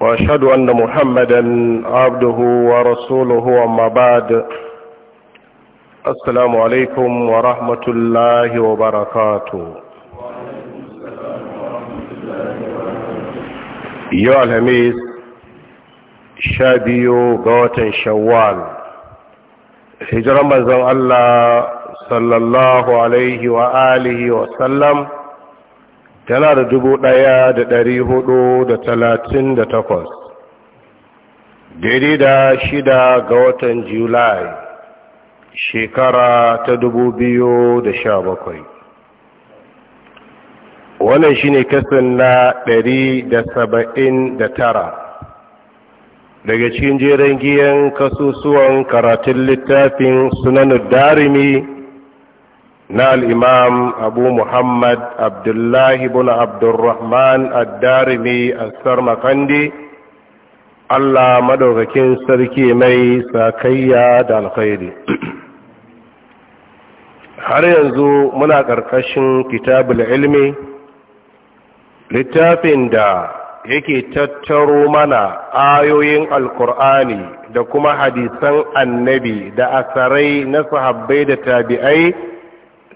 واشهد ان محمدا عبده ورسوله اما بعد السلام عليكم ورحمه الله وبركاته يا الهميس شابيو غوتن شوال هجر من الله صلى الله عليه واله وسلم tana da dubu ɗaya da ɗari hudu da talatin da takwas daidai da shida ga watan julai shekara ta dubu biyu da sha bakwai wannan shine kasan na ɗari da saba'in da tara daga cikin jeren giyan kasusuwan karatun littafin sunanar darimi na al'imam abu muhammad abdullahi bin abdurrahman addarimi a sarmakandi allah maɗaukakin sarki mai sakayya da alkhairi har yanzu muna ƙarƙashin kitabul ilmi littafin da yake tattaro mana ayoyin alkur'ani da kuma hadisan annabi da asarai na sahabbai da tabi'ai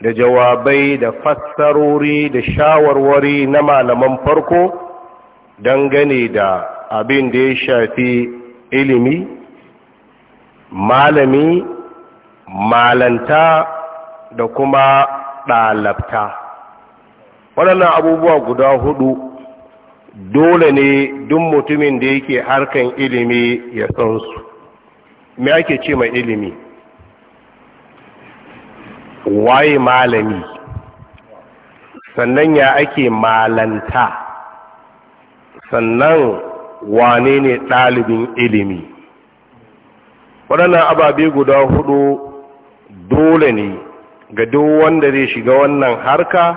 da jawabai da fassarori da shawarwari na malaman farko dangane da abin da ya shafi ilimi malami malanta da kuma ɗalabta waɗannan abubuwa guda hudu dole ne duk mutumin da yake harkan ilimi ya san su me ake ce mai ilimi waye malami sannan ya ake malanta sannan wane ne ɗalibin ilimi waɗannan ababe guda hudu dole ne ga duk wanda zai shiga wannan harka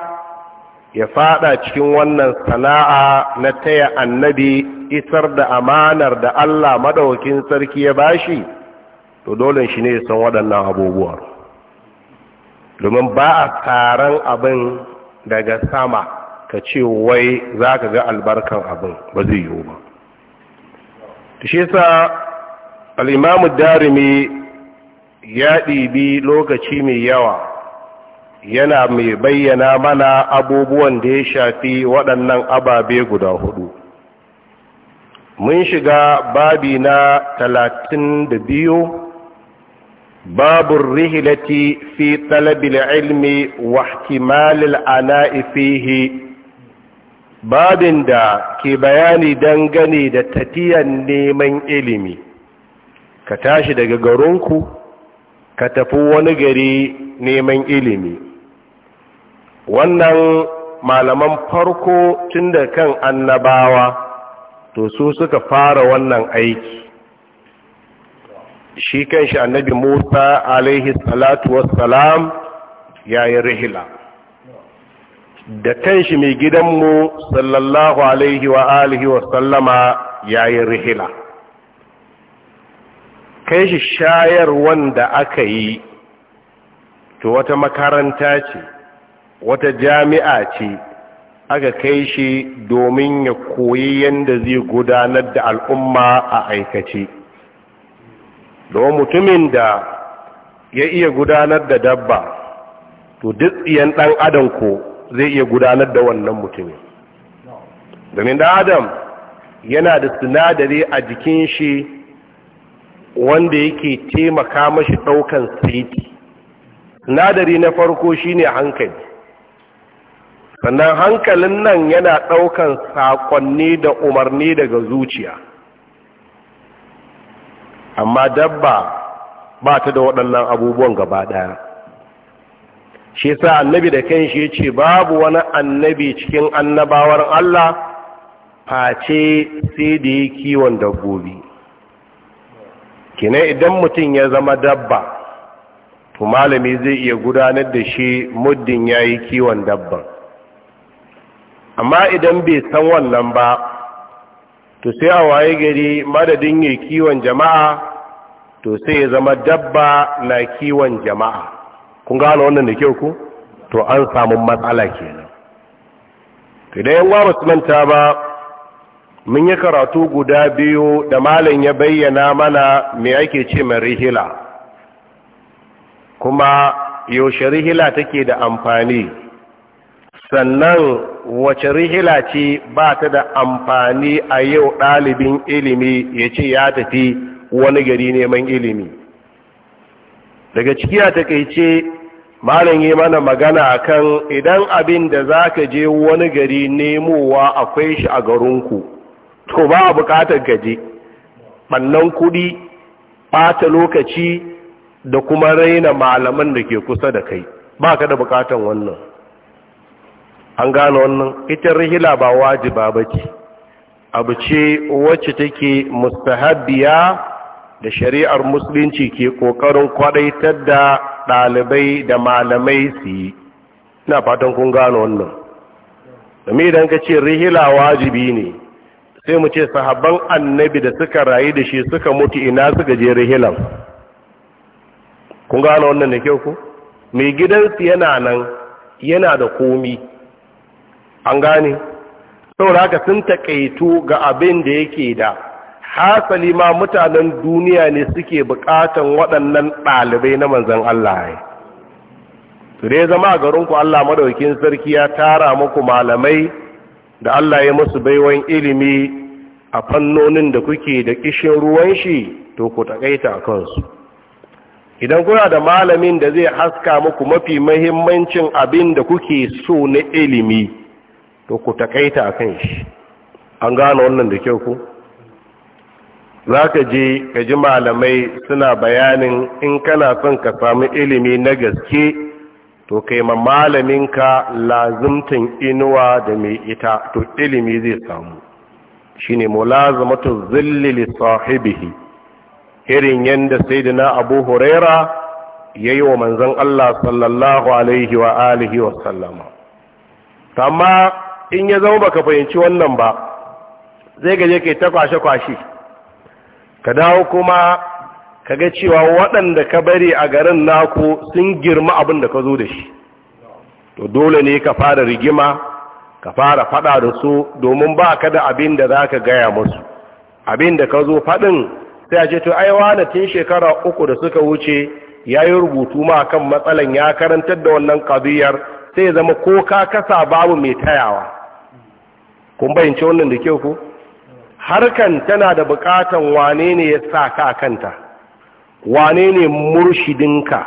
ya fada cikin wannan sana'a na taya annabi isar da amanar da Allah maɗaukin sarki ya bashi to dole shi ne san waɗannan abubuwa domin ba a tsaron abin daga sama ka ce wai za ka ga albarkan abin ba zai yiwu ba shi sa al'imamu darimi ya ɗibi lokaci mai yawa yana mai bayyana mana abubuwan da ya shafi waɗannan ababe guda hudu mun shiga babi na talatin da biyu باب الرهلة fi طلب العلم واحتمال العناء فيه babin da ke bayani dangane da tafiyan neman ilimi ka tashi daga garinku ka tafi wani gari neman ilimi wannan malaman farko tunda kan annabawa to su suka fara wannan aiki shi kanshi annabi musa alaihi salatu wassalam ya yi rihila da kanshi mai gidanmu sallallahu alaihi wa alihi wasallama ya yi rihila kanshi shayar wanda aka yi to wata makaranta ce wata jami'a ce aka kai shi domin ya koyi yadda zai gudanar da al'umma a aikace don mutumin da ya iya gudanar da dabba to duk ɗan adam ko zai iya gudanar da wannan mutumin domin ɗan adam yana da sinadari a jikin shi wanda yake taimaka mashi ɗaukan saiti sinadari na farko shine hankali sannan hankalin nan yana ɗaukan saƙonni da umarni daga zuciya amma dabba ba ta da waɗannan abubuwan gaba ɗaya shi sa annabi da kanshi shi ce babu wani annabi cikin annabawar Allah face sai da ya kiwon dabbobi Kina idan mutum ya zama dabba to malami zai iya gudanar da shi muddin ya yi kiwon dabban amma idan bai san wannan ba to sai a waye gari madadin ya kiwon jama'a to sai ya zama dabba na kiwon jama'a kun gano wannan da kyau ku to an samu matsala kenan idan yan gwa manta ba mun yi karatu guda biyu da malam ya bayyana mana me ake ce mai rihila kuma yaushe rihila take da amfani sannan wace rihila ce ba ta da amfani a yau ɗalibin ilimi ya ce ya tafi wani gari neman ilimi daga ciki a takaice malam yi mana magana akan idan abin da za ka je wani gari nemowa akwai shi a garinku to ba a bukatar gaje ɓannan kuɗi ɓata lokaci da kuma raina malaman da ke kusa da kai ba ka da bukatar wannan an gane wannan ita rihila ba wajiba ba ce abu ce wacce take mustahabbiya da shari'ar musulunci ke ƙoƙarin kwadaitar da dalibai da malamai su yi ina fatan kun gane wannan game idan ka ce rihila wajibi ne sai mu ce sahabban annabi da suka rayu da shi suka mutu ina suka je rihilan kun gane wannan da kyau ku mai gidansu yana nan yana da komi an gane saboda haka sun taƙaito ga abin da yake da hasali ma mutanen duniya ne suke buƙatan waɗannan ɗalibai na manzan Allah ya su dai zama a garinku Allah maɗaukin sarki ya tara muku malamai da Allah ya musu baiwan ilimi a fannonin da kuke da kishin ruwan shi to ku taƙaita a kansu idan kuna da malamin da zai haska muku mafi mahimmancin abin da kuke so na ilimi to ku takaita a kan shi an gano wannan da kyau ku za ka je ka ji malamai suna bayanin in kana son ka samu ilimi na gaske to kai ma malaminka lazimtan inuwa da mai ita to ilimi zai samu shine mulazamatu zilli zillili sahibihi irin yanda na abu huraira yi wa manzan Allah sallallahu alaihi wa alihi wa sallama in ya zama baka fahimci wannan ba zai gaje kai ta kwashe-kwashe ka dawo kuma ka ga cewa waɗanda ka bari a garin naku sun girma abin da ka zo da shi to dole ne ka fara rigima ka fara fada da su domin ba ka da abin da za ka gaya musu abin da ka zo faɗin sai a ce to aiwa na tun shekara uku da suka wuce ya yi rubutu ma kan matsalan ya karantar da wannan kabiyar sai ya zama ko ka kasa babu mai tayawa kun bayyance wannan da kyau ko harkan tana da bukatan wane ne ya sa ka kanta wane ne murshidinka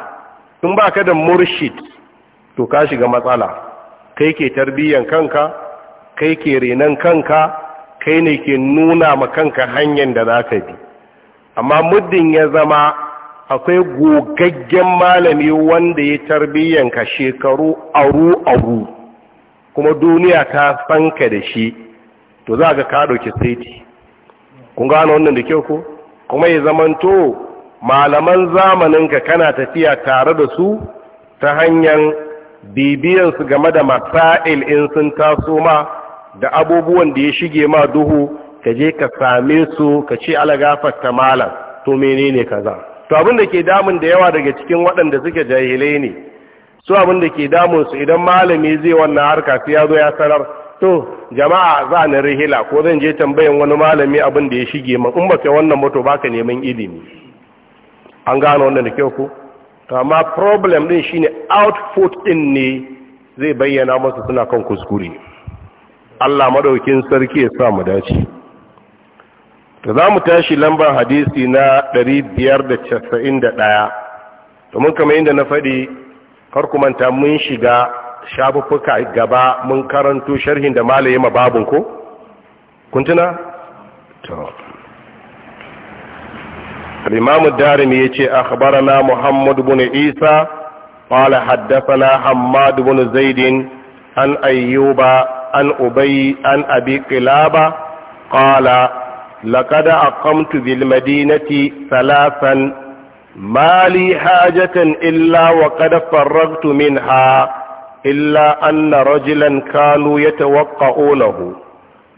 in ka da murshid to ka shiga matsala kai ke tarbiyyan kanka kai ke renon kanka kai ne ke nuna ma kanka hanyar da za ka bi amma muddin ya zama akwai gogaggen malami wanda ya tarbiyyanka shekaru aru-aru kuma duniya ta sanka da shi to za ga ka ɗauki saiti kun gano wannan da kyau ko kuma ya zamanto malaman zamanin ka kana tafiya tare da su ta hanyar bibiyansu game da masail in sun taso ma da abubuwan da ya shige ma duhu ka je ka same su ka ce alagafarta malam to menene kaza to abin da ke damun da yawa daga cikin waɗanda suke jahilai ne su abin da ke damun su idan malami zai wannan harka sai ya zo ya sanar to jama'a za ni rihila ko zan je tambayan wani malami abin da ya shige man in baka wannan moto baka neman ilimi an gano wannan da kyau ko to amma problem din shine output din ne zai bayyana masa suna kan kuskure Allah madaukin sarki ya sa mu dace to za mu tashi lambar hadisi na 591 to mun kamar inda na faɗi kar ku manta mun shiga shafuffuka gaba mun karanto sharhin da malaye ma babun ko kun tuna to الإمام الدارمي يتي أخبرنا محمد بن عيسى قال حدثنا حماد بن زيد عن أيوب عن أبي عن أبي قلابة قال لقد أقمت بالمدينة ثلاثا mali hajatan illa wa qad minha illa anna rajulan kanu yatawaqqa'unahu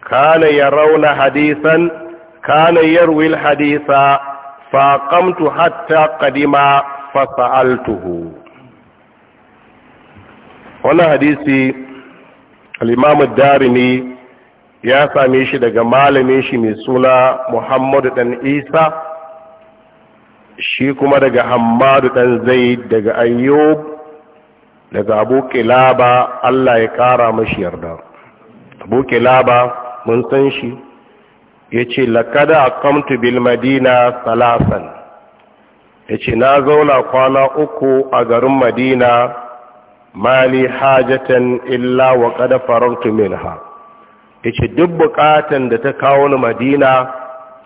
kana yarawna hadithan kana yarwi alhaditha faqamtu hatta qadima fasa'altuhu wannan hadisi al-imam ad-darimi ya same shi daga malamin shi mai suna Muhammadu dan Isa shi kuma daga hammadu ɗan zai daga ayyub daga abu kilaba Allah ya ƙara mashi yarda abu kilaba mun san shi ya ce lakada a kamtu madina salasan ya ce na zauna kwana uku a garin madina mali hajatan illa wa kada farautu minha ya ce duk bukatan da ta kawo ni madina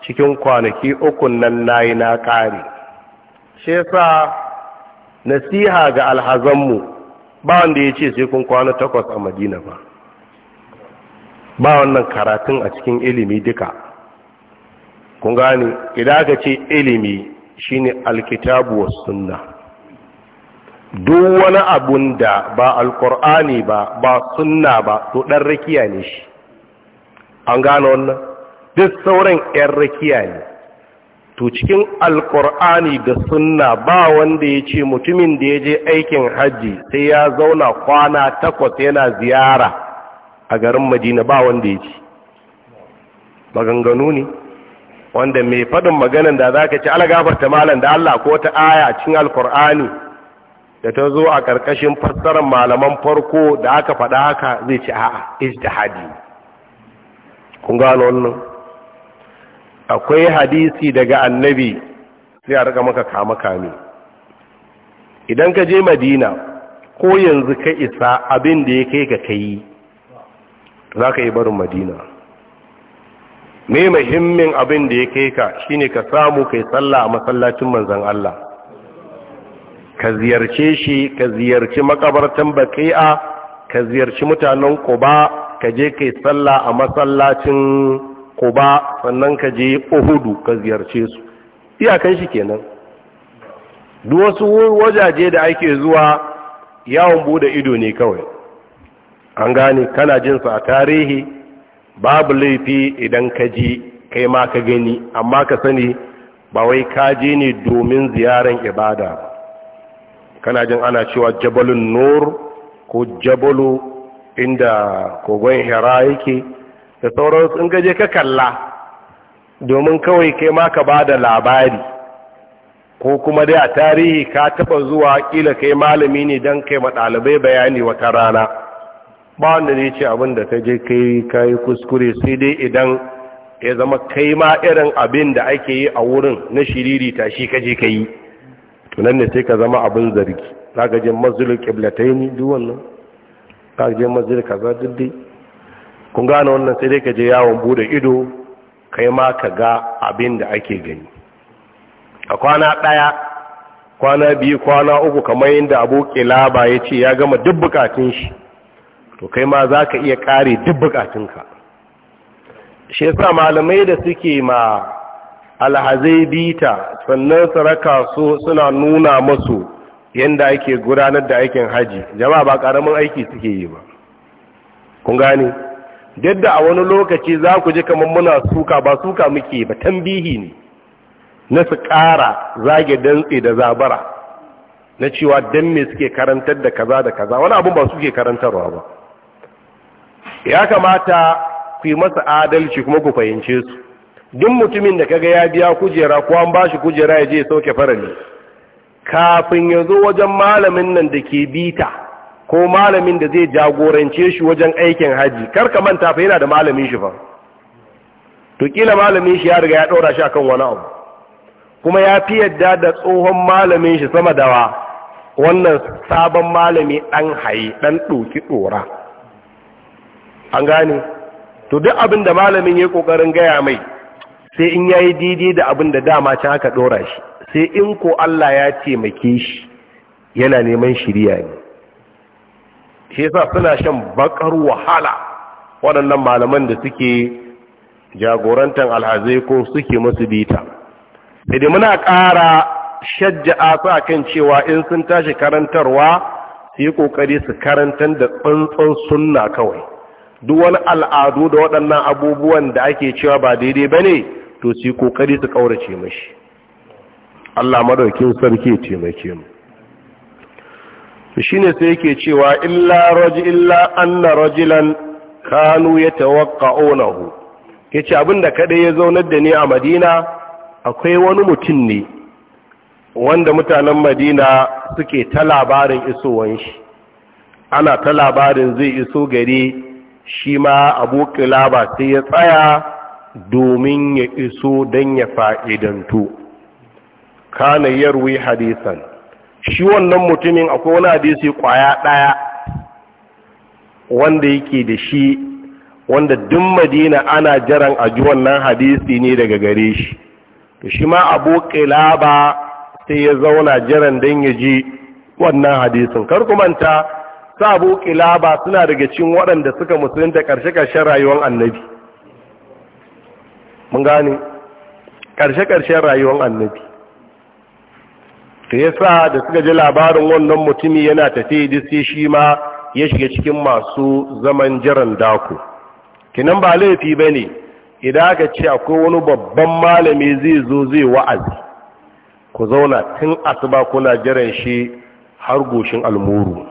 cikin kwanaki ukun nan yi na ƙare shi yasa nasiha ga alhazanmu ba wanda ya ce sai kun kwana takwas a madina ba ba wannan karatun a cikin ilimi duka kun gane idan aka ce ilimi shine alkitabu was sunna duk wani abun da ba alkur'ani ba ba sunna ba to ɗan rakiya ne shi an gano wannan duk sauran yan rakiya ne to cikin alkur'ani da sunna ba wanda ya ce mutumin da ya je aikin hajji sai ya zauna kwana takwas yana ziyara a garin madina ba wanda ya ce maganganu ne wanda mai fadin maganan da za ka ci algafarta malam da allah ko ta aya cikin alkur'ani da ta zo a ƙarƙashin fassarar malaman farko da aka faɗa haka zai ci a'a ijtihadi kun gano wannan akwai hadisi daga annabi sai a rika maka kama kame idan ka je madina ko yanzu ka isa abin da ya kai ka kai za ka yi barin madina mai muhimmin abin da ya kai ka shine ka samu kai sallah a masallacin manzan Allah ka ziyarce shi ka ziyarci makabartan baki'a ka ziyarci mutanen kuba ka je kai sallah a masallacin kuba sannan ka je uhudu ka ziyarce su iyakan shi kenan duk wasu wajaje da ake zuwa yawon bude ido ne kawai an gane kana sa a tarihi babu laifi idan ka je kai ma ka gani amma ka sani ba wai ka je ne domin ziyaran ibada kana jin ana cewa jabalun nur ko jabalu inda kogon hira yake da sauran sun gaje ka kalla domin kawai kai ma ka ba da labari ko kuma dai a tarihi ka taba zuwa kila kai malami ne don kai ɗalibai bayani wata rana ba wanda ne ce abin da ta je kai kayi kuskure sai dai idan ya zama kai ma irin abin da ake yi a wurin na shiriri ta shi ka je ka yi tunan ne sai ka zama abin zargi za ka je mazulun kiblatai ne duk wannan ka je mazulun kaza duk dai kun gane wannan sai dai ka je yawon bude ido kai ma ka ga abin da ake gani a kwana ɗaya kwana biyu kwana uku kamar yadda abu kilaba ya ce ya gama duk bukatun shi to kai ma za ka iya ƙare duk bukatunka shi yasa malamai da suke ma alhazai bita sannan su su suna nuna masu yadda ake gudanar da aikin haji jama'a ba ƙaramin aiki suke yi ba kun gane Yadda a wani lokaci za ku ji kamar muna suka ba suka muke ba tambihi ne na su ƙara zage dantse da zabara na cewa dan me suke karantar da kaza da kaza wani abin ba suke karantarwa ba ya kamata ku yi masa adalci kuma ku fahimce su duk mutumin da kaga ya biya kujera ko an bashi kujera ya je ya sauke farali kafin ya zo wajen malamin nan da ke bita ko malamin da zai jagorance shi wajen aikin haji karka manta fa yana da malamin shi fa to kila malamin shi ya riga ya ɗora shi akan wani abu kuma ya fi yadda da tsohon malamin shi sama dawa wannan sabon malami ɗan haye ɗan doki ɗora an gane to duk abin da malamin ya ƙoƙarin gaya mai sai in yayi yi daidai da abin da dama can haka ɗora shi sai in ko Allah ya taimake shi yana neman shiriya ne shi yasa suna shan bakar wahala waɗannan malaman da suke jagorantar alhazai ko suke masu bita sai muna ƙara shajja'a su kan cewa in sun tashi karantarwa su yi ƙoƙari su karantar da tsantsan sunna kawai duk wani al'adu da waɗannan abubuwan da ake cewa ba daidai ba ne to su yi ƙoƙari su ƙaurace mashi Allah madaukin sarki ya taimake mu to shine sai yake cewa illa raji illa anna rajulan kanu yatawaqqa'unahu yace abinda kada ya zaunar da ni a Madina akwai wani mutum ne wanda mutanen Madina suke ta labarin isowan shi ana ta labarin zai iso gare shi ma Abu Kilaba sai ya tsaya domin ya iso dan ya fa'idantu kana yarwi hadisan shi wannan mutumin akwai wani hadisi kwaya ɗaya wanda yake da shi wanda duk madina ana jiran a ji wannan hadisi ne daga gare shi to shi ma abu kilaba sai ya zauna jiran don ya ji wannan hadisin kar ku manta sa abu kilaba suna daga cikin waɗanda suka musulunta ƙarshe-ƙarshen rayuwar annabi mun gane ƙarshe-ƙarshen rayuwar annabi ta sa da suka ji labarin wannan mutumi yana tafi sai shi ma ya shiga cikin masu zaman jiran daku. kinan ba laifi ba ne idan aka ce akwai wani babban malami zai zo zai wa'azi ku zauna tun asuba kuna jiran shi har goshin almuru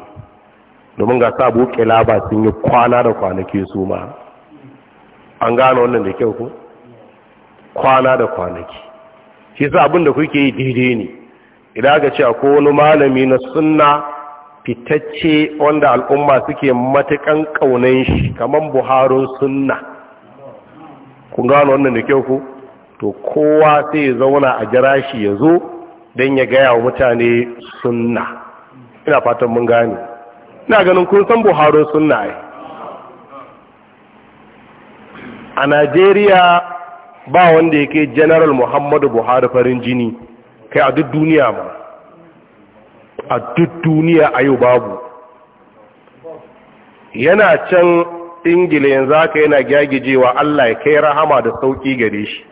domin ga sabo ba sun yi kwana da kwanaki su ma an gano wannan da kyau ku kwana da kwanaki shi sa abin da kuke yi daidai ne idan aka ce ko wani malami na sunna fitacce wanda al'umma suke matakan kaunan shi kamar buharun sunna kun gano wannan da kyau ku to kowa sai zauna a jira shi ya zo don ya gaya wa mutane sunna ina fatan mun gane ina ganin kun san buharun sunna ai a najeriya ba wanda yake general muhammadu buhari farin jini kai a duk duniya ma a duk duniya a yau babu yana can ingila yanzu haka yana gyagijewa allah ya kai rahama da sauƙi gare shi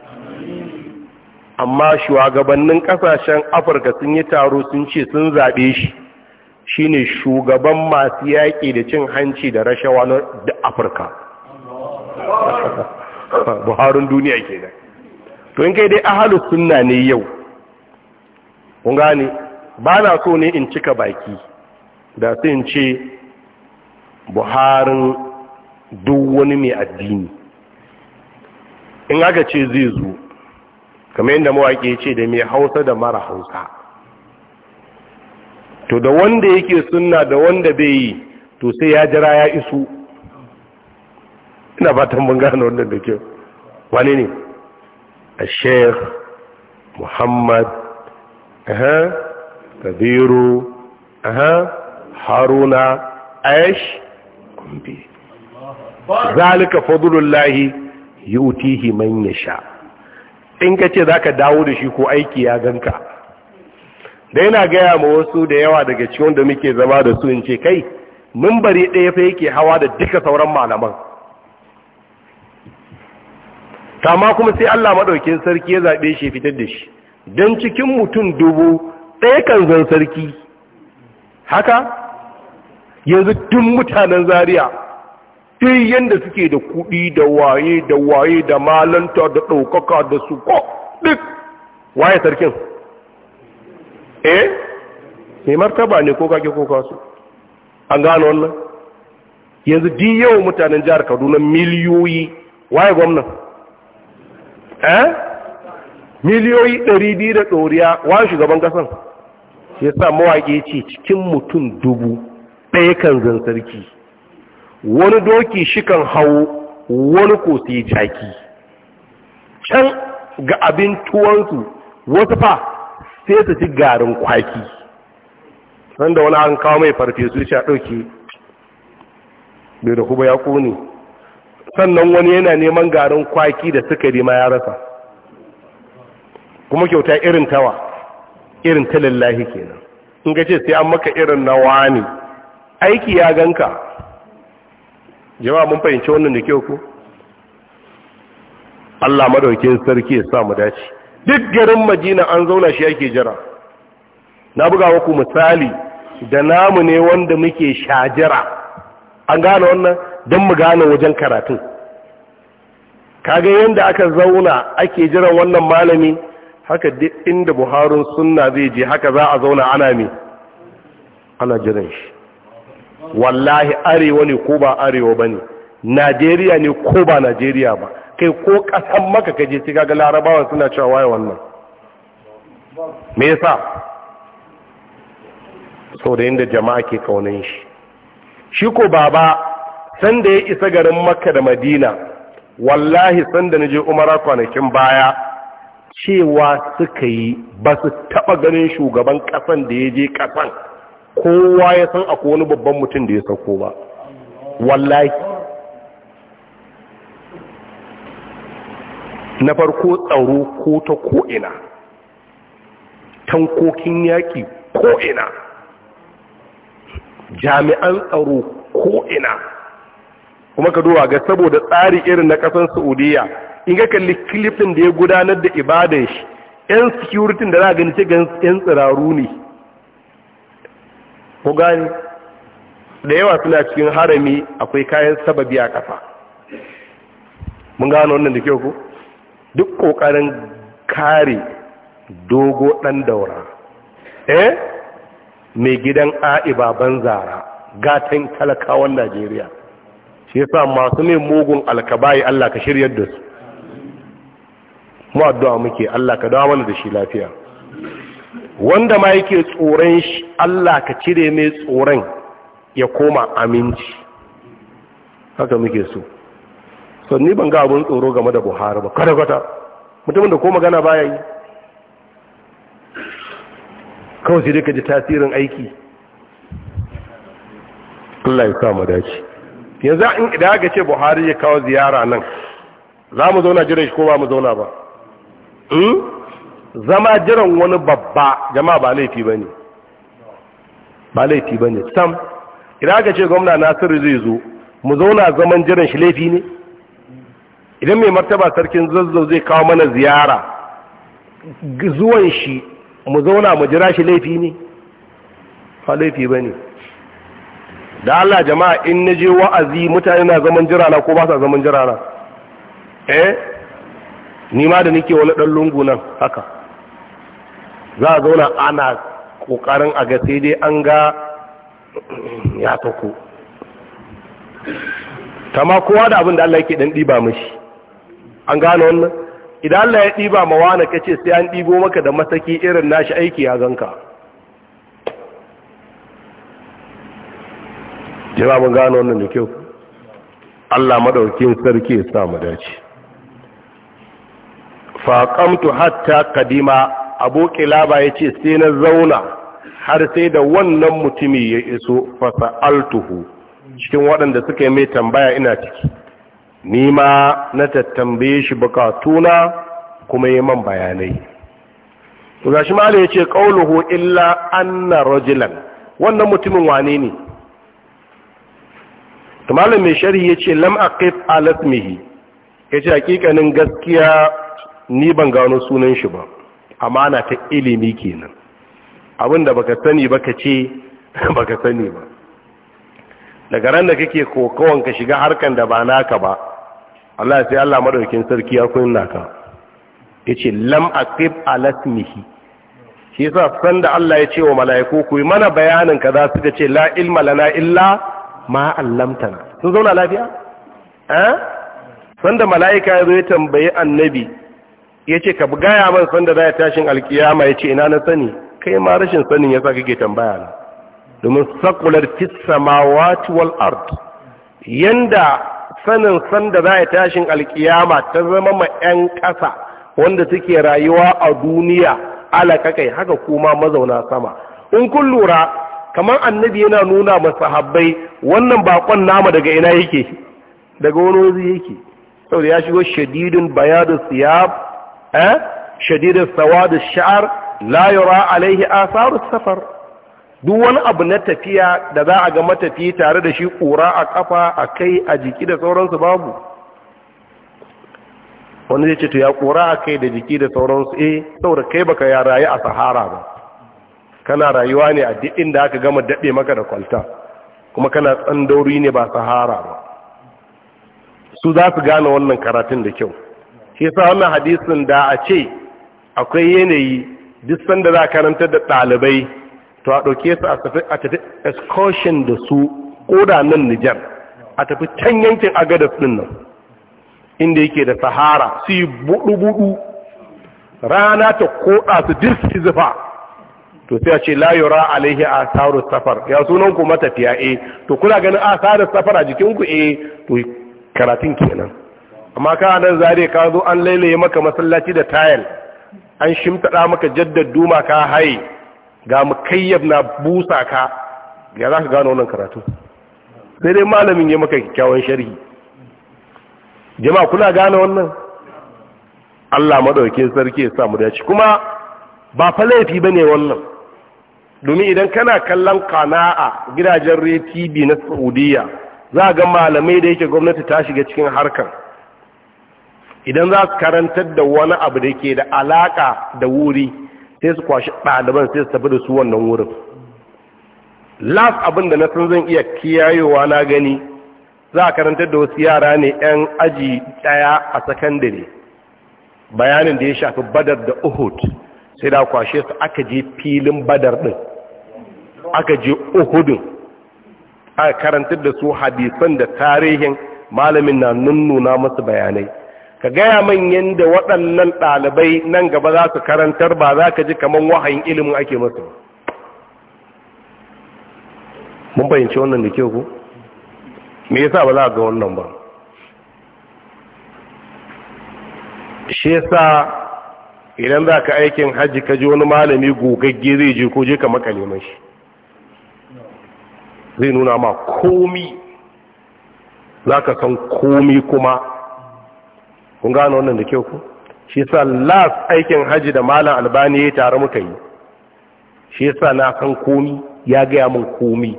amma shugabannin ƙasashen afirka sun yi taro sun ce sun zaɓe shi shine shugaban masu yaƙi da cin hanci da rashawa na afirka buharin duniya ke da to kai dai ahalus suna ne yau kun gane ba na so ne in cika baki da su in ce buharin duk wani mai addini in aka ce zai zo kamar yadda mawaƙi ce da mai hausa da mara hausa to da wanda yake sunna da wanda bai yi to sai ya jira ya isu ina fatan mun gane wannan da ke wani ne a sheikh muhammad aha kabiru aha haruna aish kumbi zalika fadlullahi yutihi man yasha in kace zaka dawo da shi ko aiki ya ganka dai yana gaya ma wasu da yawa daga cikin da muke zama da su in ce kai mimbari ɗaya fa yake hawa da duka sauran malaman kama kuma sai Allah madaukin sarki ya zabe shi fitar da shi don cikin mutum dubu ɗaya kan zan sarki haka yanzu tun mutanen zariya tun yadda suke da kuɗi da waye da waye da malanta da ɗaukaka da su ko duk waye sarkin eh mai martaba ne ko kake ko kasu an gano wannan yanzu di yawan mutanen jihar kaduna miliyoyi waye gwamnan eh miliyoyi ɗari biyu da ɗoriya wa shugaban ƙasan ya sa mawaƙi ce cikin mutum dubu ɗaya kan zan sarki wani doki shi kan hau wani ko sai jaki can ga abin tuwonsu wasu fa sai su ci garin kwaki sanda wani an kawo mai farfesu shi a ɗauki bai da kuma ya ƙone sannan wani yana neman garin kwaki da sukari ma ya rasa kuma kyauta irin tawa irin ta kenan in ka ce sai an maka irin na wani aiki ya ganka jama'a mun fahimci wannan da kyau ko Allah madaukakin sarki ya sa mu dace duk garin Madina an zauna shi yake jira na buga maku misali da namu ne wanda muke shajira an gane wannan don mu gane wajen karatun kaga yadda aka zauna ake jiran wannan malami haka duk inda buharun sunna zai je haka za a zauna ana me ana jiran shi wallahi arewa ne ko ba arewa ba ne najeriya ne ko ba najeriya ba kai ko kasan maka kaje sai kaga larabawan suna cewa waye wannan me yasa saboda inda jama'a ke kaunan shi shi ko baba sanda ya isa garin makka da madina wallahi sanda na je umara kwanakin baya cewa suka yi ba su taɓa ganin shugaban ƙasan da ya je ƙasan kowa ya san akwai wani babban mutum da ya sauko ba wallahi na farko tsaro ko ta ko'ina tankokin yaƙi ko'ina jami'an tsaro ko'ina kuma ka duba ga saboda tsari irin na ƙasar saudiya in ka kalli clip din da ya gudanar da ibadan shi yan security da za a gani sai ga yan tsiraru ne ku da yawa suna cikin harami akwai kayan sababi a kafa mun gano wannan da ke ku duk kokarin kare dogo dan daura eh mai gidan a'iba zara. gatan talakawan Najeriya shi yasa masu ne mugun alkabari Allah ka shiryar da su mu addu'a muke Allah ka dawo mana da shi lafiya wanda ma yake tsoron shi Allah ka cire mai tsoron ya koma aminci haka muke so so ni ban ga abun tsoro game da Buhari ba kada kwata mutumin da ko magana baya yi kawai sai dai ka ji tasirin aiki Allah ya kama dace yanzu in idan aka ce Buhari ya kawo ziyara nan za mu zauna jiran shi ko ba mu zauna ba Hmm? zama jiran wani babba jama'a ba laifi ba ne ba laifi ba ne sam idan aka ce gwamna nasiru zai zo mu zauna zaman jiran shi laifi ne idan mai martaba sarkin zazzau zai kawo mana ziyara zuwan shi mu zauna mu jira shi laifi ne ba laifi ba ne da Allah jama'a in na je wa'azi mutane na zaman jira na ko ba sa zaman jira na eh ni ma da nake wani ɗan lungu nan haka za a zauna ana ƙoƙarin a ga sai dai an ga ya tako tama kowa da abin da Allah yake ɗan ɗiba mashi an gane wannan idan Allah ya ɗiba ma wani kace ce sai an ɗibo maka da mataki irin nashi aiki ya ganka jira mun gane wannan da kyau Allah madaukin sarki ya sa mu dace faƙamtu hatta kadima abu kilaba ya ce sai na zauna har sai da wannan mutumi ya iso fasa'altuhu cikin waɗanda suka mai tambaya ina ciki ni ma na tattambaye shi bukatuna kuma yi man bayanai to gashi ya ce ƙauluhu illa anna rajulan wannan mutumin wane ne to mai sharhi ya ce lam aqif alasmihi ya ce hakikanin gaskiya ni ban gano sunan shi ba amana ta ilimi kenan abinda baka sani baka ce baka sani ba daga ran da kake kokawan ka shiga harkan da ba naka ba Allah sai Allah madaukakin sarki ya kun ka yace lam aqib ismihi shi yasa san da Allah ya ce wa mala'iku ku yi mana bayanin su ga ce la ilma lana illa ma allamtana sun zauna lafiya eh san da mala'ika ya zo ya tambayi annabi ya ce ka gaya man sanda za ya tashin alkiyama ya ce ina na sani kai ma rashin sanin ya sa kake tambaya na domin sakular ma mawati wal art yanda sanin sanda za ya tashin alkiyama ta zama ma 'yan ƙasa wanda suke rayuwa a duniya alaka haka kuma mazauna sama in kun lura kamar annabi yana nuna sahabbai wannan bakon nama daga ina yake daga wani wazi yake saboda ya shigo shadidin bayadu siyab shadidar shadidu sawadu sha'ar la yura alaihi atharu safar duk wani abu na tafiya da za a ga matafi tare da shi kura a kafa a kai a jiki da sauransu babu wani zai ce to ya kura a kai da jiki da sauransu eh saboda kai baka ya rayu a sahara ba kana rayuwa ne a duk inda aka gama daɗe maka da kwalta kuma kana tsandauri ne ba sahara ba su za su gane wannan karatun da kyau shi yasa wannan hadisin da a ce akwai yanayi duk sanda za a karantar da ɗalibai to a ɗauke su a tafi excursion da su koda nan Nijar a tafi can yankin Agadas din nan inda yake da Sahara su yi buɗu-buɗu rana ta koɗa su su zufa to sai a ce layura alaihi asaru safar ya sunan ku matafiya eh to kuna ganin Asarar safar a jikinku e to karatun kenan amma ka nan zare ka zo an lailaye maka masallaci da tayal an shimtaɗa maka jaddar duma ka haye ga mukayyab na busa ka ya za ka gano wannan karatu sai dai malamin ya maka kyakkyawan sharhi jama'a kuna gane wannan Allah madaukakin sarki ya sa mu dace kuma ba fa laifi bane wannan domin idan kana kallon kana'a gidajen rediyo na Saudiya za ga malamai da yake gwamnati ta shiga cikin harkar idan za su karantar da wani abu da ke da alaka da wuri sai su kwashi ɗaliban sai su tafi da su wannan wurin last abin da na san zan iya kiyayewa na gani za a karantar da wasu yara ne 'yan aji ɗaya a sakandare bayanin da ya shafi badar da uhud sai da kwashe su aka je filin badar ɗin aka je uhudun aka karantar da su hadisan da tarihin malamin na nuna masu bayanai ka gaya manyan da waɗannan ɗalibai nan gaba za su karantar ba za ka ji kamar wahayin ilimin ake masu mun fahimci wannan da kyau ku me yasa ba za ga wannan ba shi yasa idan za ka aikin hajji ka ji wani malami gogagge zai je ko je ka makale mashi zai nuna ma komi za ka san komi kuma kun gano wannan da kyau ku shi yasa last aikin haji da malam albani ya tare muka yi shi yasa na kan komi ya gaya min komi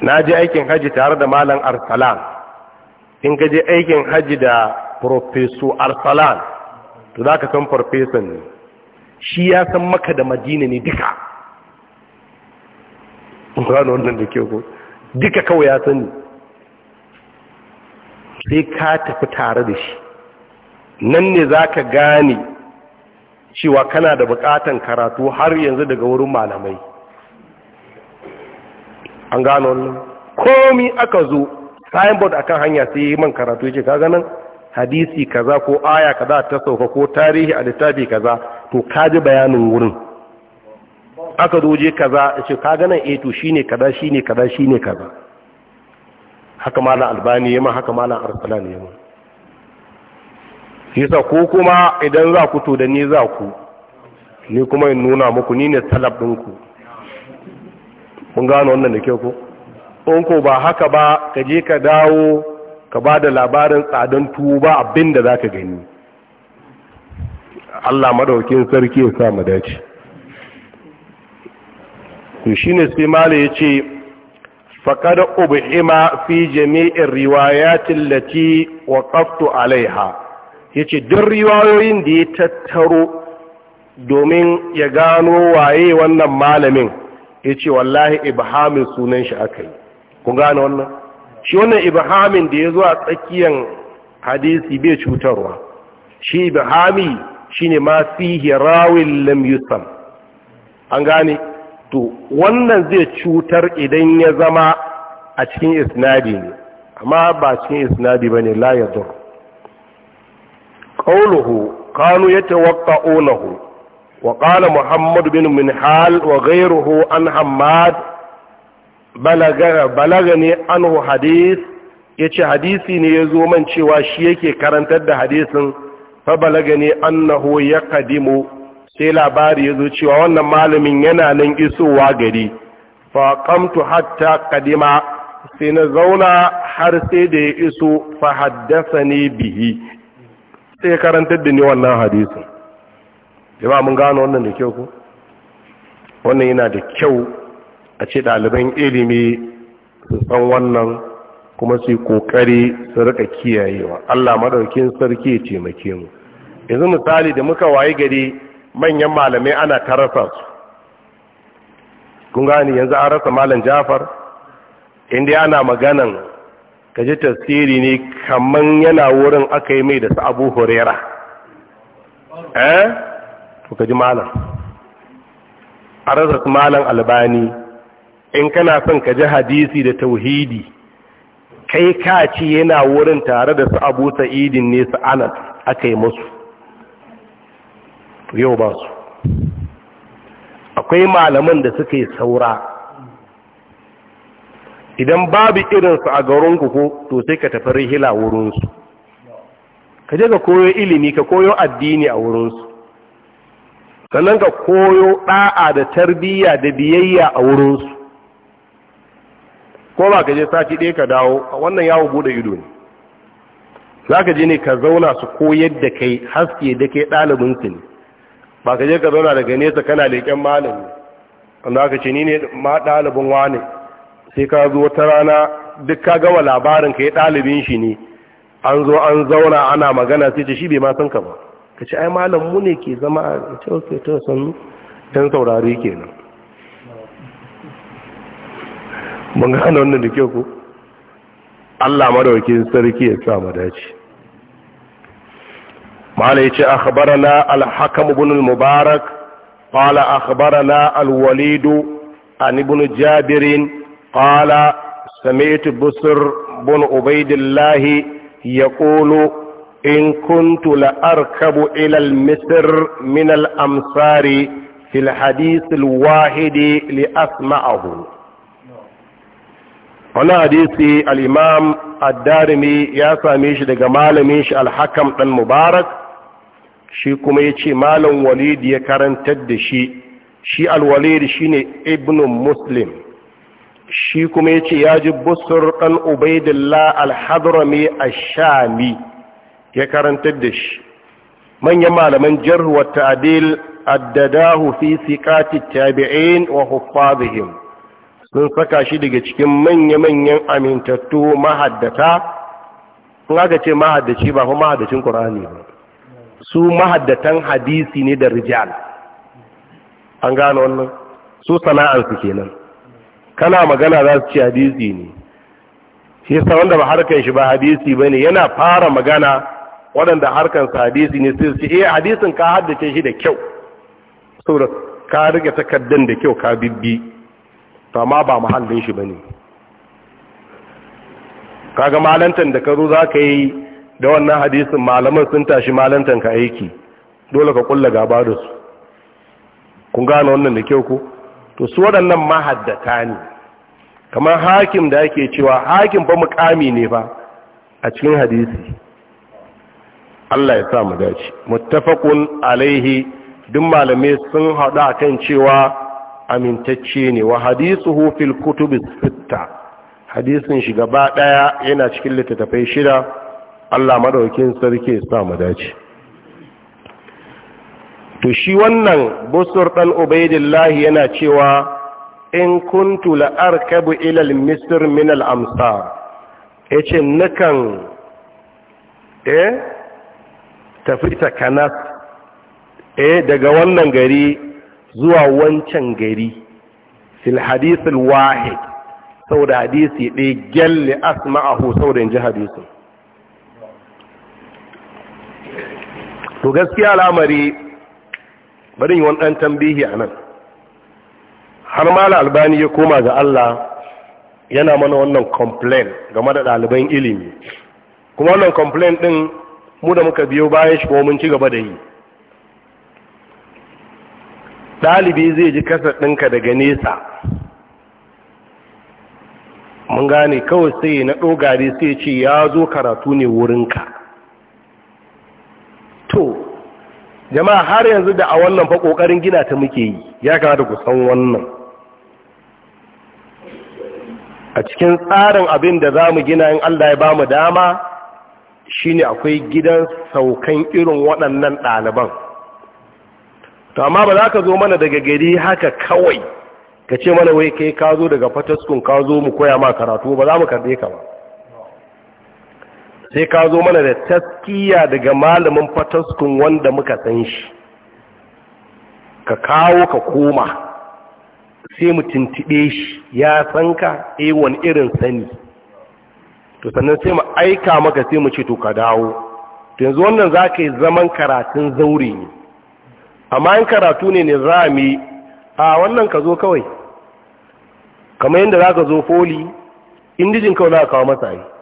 na je aikin haji tare da malam arsalan in ka je aikin haji da profeso arsalan to za ka san farfesan ne shi ya san maka da madina ne duka Kun gano wannan da ke ko duka kawai ya sani sai ka tafi tare da shi nan ne za ka gane cewa kana da bukatan karatu har yanzu daga wurin malamai an gano wannan komi aka zo signboard akan hanya sai yi man karatu yake kaga nan hadisi kaza ko aya kaza ta sauka ko tarihi a littafi kaza to kaji bayanin wurin aka zo je kaza ce kaga nan eh to shine kaza shine kaza shine kaza haka malam albani yamma haka malam arsalan yamma yasa ko kuma idan za ku to da ni za ku ni kuma in nuna muku ni ne talab ɗinku mun gano wannan da kyau ko in ko ba haka ba ka je ka dawo ka ba da labarin tsadan tuwo ba abin da za ka gani Allah madaukin sarki ya sa mu dace to shine sai ya yace فقد أبعم في جميع الروايات التي وقفت عليها yace duk riwayoyin da ya tattaro domin ya gano waye wannan malamin ya ce wallahi ibhamin sunan shi aka yi, ku gane wannan shi wannan ibhamin da ya zo a tsakiyar hadisi bai cutarwa shi ibhami shine ma fihi rawin lam yusam an gane to wannan zai cutar idan ya zama a cikin isnadi ne amma ba cikin isnadi bane la Ƙauluhu qawluhu kanu yatawaqqa'unahu wa qala muhammad bin minhal wa ghayruhu an hamad balaga balagani anhu hadith yace hadisi ne yazo man cewa shi yake karantar da hadisin fa balagani annahu yaqdimu sai labari ya zo cewa wannan malamin yana nan isowa gari fa qamtu hatta kadima sai na zauna har sai da ya iso fa haddathani bihi sai karantar da ni wannan hadisin jama'a mun gano wannan da kyau ko wannan yana da kyau a ce ɗaliban ilimi su san wannan kuma su yi ƙoƙari su rika kiyayewa Allah madaukin sarki ya taimake mu yanzu misali da muka waye gari manyan malamai ana tarasa su kun gani yanzu an rasa malam jafar inda ana maganan kaji tasiri ne kaman yana wurin aka yi mai da su abu horera eh to kaji malam an rasa su malam albani in kana son kaji hadisi da tauhidi kai kaci yana wurin tare da su abu sa'idin ne su anas aka yi musu yau ba su akwai malaman da suke saura idan babu irinsu a garinku ko to sai ka tafi rihila wurinsu ka je ka koyo ilimi ka koyo addini a wurinsu sannan ka koyo ɗa'a da tarbiyya da biyayya a wurinsu ko ba ka je sati ɗaya ka dawo a wannan yawo bude ido ne za ka je ne ka zauna su koyar da kai haske da kai ɗalibinsu ne ba ka je ka zauna daga nesa kana leƙen malami wanda aka ce ni ne ma ɗalibin ne. sai ka zo wata rana duk ka gawa labarin ka yi ɗalibin shi ne an zo an zauna ana magana sai ce shi bai ma san ka ba ka ce ai malam mu ne ke zama a ce ok to san dan saurari kenan mun gane wannan da kyau ko Allah madaukakin sarki ya sa mu dace قال اخبرنا الحكم بن المبارك قال اخبرنا الوليد عن ابن جابر قال سمعت بسر بن عبيد الله يقول ان كنت لاركب الى المصر من الامصار في الحديث الواحد لاسمعه هنا حديث الامام الدارمي يا ساميش دغمال ميش الحكم المبارك shi kuma ya ce malam walid ya karantar da shi shi alwalid shi ne ibn muslim shi kuma ya ce ya ji busur ɗan ubaidillah alhadrami a shami ya karantar da shi manyan malaman jarwa ta'adil addadahu fi siqati tabi'in wa huffazihim sun saka shi daga cikin manya-manyan amintattu mahaddata kun aka ce mahaddaci ba kuma mahaddacin qur'ani ba su mahaddatan hadisi ne da rijal an gano wannan su sana'arsu kenan kana magana za su ci hadisi ne shi sa wanda ba harkan shi ba hadisi ba ne yana fara magana waɗanda harkansa hadisi ne sai su iya eh, hadisin ka haddace shi da kyau saboda ka rike takardun da kyau ka bibbi to amma ba muhallin shi ba ne kaga malantan da ka zo za ka yi da wannan hadisin malaman sun tashi ka aiki dole ka kulla gaba da su kun gane wannan da kyau ko to su waɗannan mahaddata ne kamar hakim da ake cewa hakim ba mukami ne ba. a cikin hadisi Allah ya sa mu dace muttafaqun alaihi duk malamai sun haɗu kan cewa amintacce ne wa hadisuhu fil kutubis sitta hadisin shi gaba ɗaya yana cikin littattafai shida Allah madaukin sarki ya sa mu dace to shi wannan busur dan ubaidillah yana cewa in kuntu la arkabu ila al-misr min al-amsar yace nakan eh tafi ta kanas eh daga wannan gari zuwa wancan gari fil hadith al-wahid saboda hadisi dai gyalle asma'ahu saboda in ji hadisin to gaskiya al'amari bari yi wani ɗan tambihi a nan har ma albani ya koma ga Allah yana mana wannan complain game da ɗaliban ilimi kuma wannan complain ɗin mu da muka biyo bayan shi mun ci gaba da yi ɗalibi zai ji kasa ɗinka daga nesa mun gane kawai sai na ɗogari sai ce ya zo karatu ne wurinka to jama'a har yanzu da a wannan fa kokarin gina ta muke yi ya kamata ku san wannan a cikin tsarin abin da za mu gina in Allah ya ba mu dama shine akwai gidan saukan irin waɗannan ɗaliban to amma ba za ka zo mana daga gari haka kawai ka ce mana wai kai ka zo daga fataskun ka zo mu koya ma karatu ba za mu karɓe ka ba sai ka zo mana da taskiya daga malamin fataskun wanda muka san shi ka kawo ka koma sai mu tibe shi ya san ka e wani irin sani to sannan sai mu aika maka sai mu ce to ka dawo to yanzu wannan za ka yi zaman karatun zaure ne amma in karatu ne ne za a wannan ka zo kawai kamar yadda za ka zo foli indijin kawai za ka kawo masa